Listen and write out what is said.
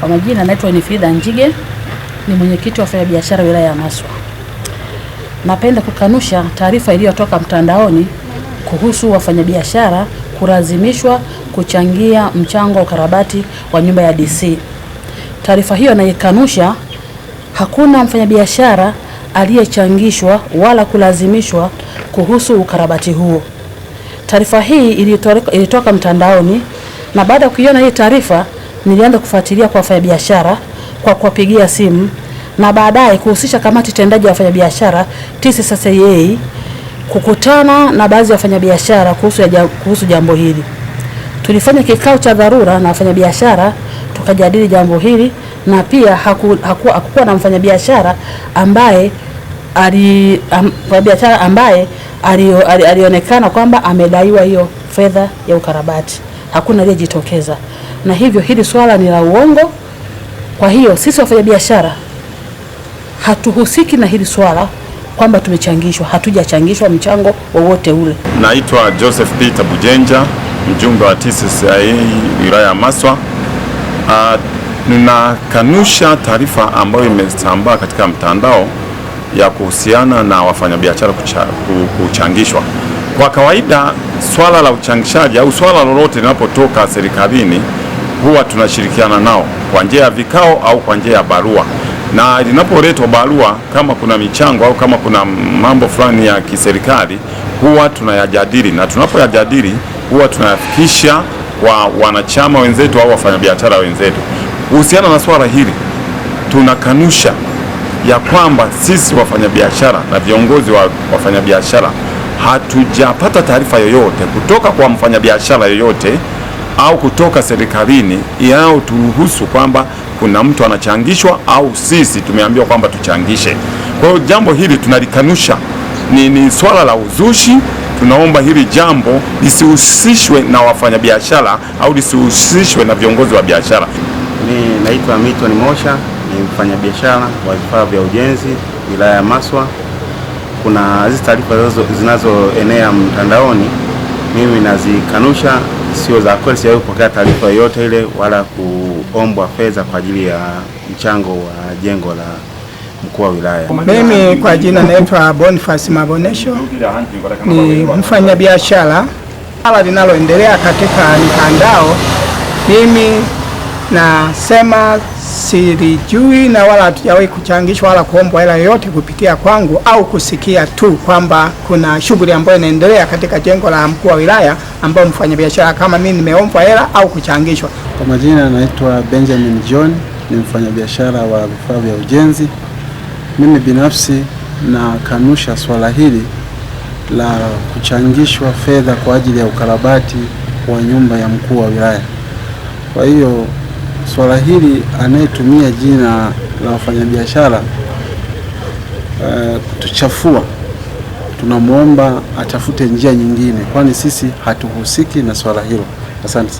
Kwa majina naitwa Winifrida Njige, ni mwenyekiti wa wafanyabiashara wilaya ya Maswa. Napenda kukanusha taarifa iliyotoka mtandaoni kuhusu wafanyabiashara kulazimishwa kuchangia mchango wa ukarabati wa nyumba ya DC. Taarifa hiyo naikanusha. Hakuna mfanyabiashara aliyechangishwa wala kulazimishwa kuhusu ukarabati huo. Taarifa hii ilitoka, ilitoka mtandaoni na baada ya kuiona hii taarifa nilianza kufuatilia kwa wafanyabiashara kwa kuwapigia simu na baadaye kuhusisha kamati tendaji ya wafanyabiashara TCCIA kukutana na baadhi ya wafanyabiashara kuhusu, kuhusu jambo hili. Tulifanya kikao cha dharura na wafanyabiashara tukajadili jambo hili na pia haku, haku, hakukuwa na mfanyabiashara ambaye ali biashara ambaye alionekana kwamba amedaiwa hiyo fedha ya ukarabati hakuna aliyejitokeza, na hivyo hili swala ni la uongo. Kwa hiyo sisi wafanyabiashara hatuhusiki na hili swala kwamba tumechangishwa, hatujachangishwa mchango wowote ule. Naitwa Joseph Peter Bujenja, mjumbe wa TCCIA wilaya ya Maswa. Uh, ninakanusha taarifa ambayo imesambaa katika mtandao ya kuhusiana na wafanyabiashara kuchangishwa. Kwa kawaida swala la uchangishaji au swala lolote linapotoka serikalini huwa tunashirikiana nao kwa njia ya vikao au kwa njia ya barua, na linapoletwa barua, kama kuna michango au kama kuna mambo fulani ya kiserikali, huwa tunayajadili, na tunapoyajadili huwa tunayafikisha kwa wanachama wenzetu au wafanyabiashara wenzetu. Kuhusiana na swala hili, tunakanusha ya kwamba sisi wafanyabiashara na viongozi wa wafanyabiashara hatujapata taarifa yoyote kutoka kwa mfanyabiashara yoyote au kutoka serikalini turuhusu kwamba kuna mtu anachangishwa au sisi tumeambiwa kwamba tuchangishe. Kwa hiyo jambo hili tunalikanusha, ni, ni swala la uzushi. Tunaomba hili jambo lisihusishwe na wafanyabiashara au lisihusishwe na viongozi wa biashara. Mimi naitwa Milton Mosha, ni mfanyabiashara wa vifaa vya ujenzi wilaya ya Maswa kuna hizi taarifa zinazoenea mtandaoni, mimi nazikanusha, sio za kweli. Sijawahi kupokea taarifa yoyote ile wala kuombwa fedha kwa ajili ya mchango wa jengo la mkuu wa wilaya. Mimi kwa jina naitwa Boniface Mabonesho, ni mfanyabiashara. Swala linaloendelea katika mtandao, mimi nasema silijui na wala hatujawahi kuchangishwa wala kuombwa hela yoyote kupitia kwangu au kusikia tu kwamba kuna shughuli ambayo inaendelea katika jengo la mkuu wa wilaya ambayo mfanyabiashara kama mimi nimeombwa hela au kuchangishwa. Kwa majina anaitwa Benjamin John, ni mfanyabiashara wa vifaa vya ujenzi. Mimi binafsi nakanusha swala hili la kuchangishwa fedha kwa ajili ya ukarabati wa nyumba ya mkuu wa wilaya. Kwa hiyo swala hili anayetumia jina la wafanyabiashara eh, kutuchafua, tunamwomba atafute njia nyingine, kwani sisi hatuhusiki na swala hilo. Asante.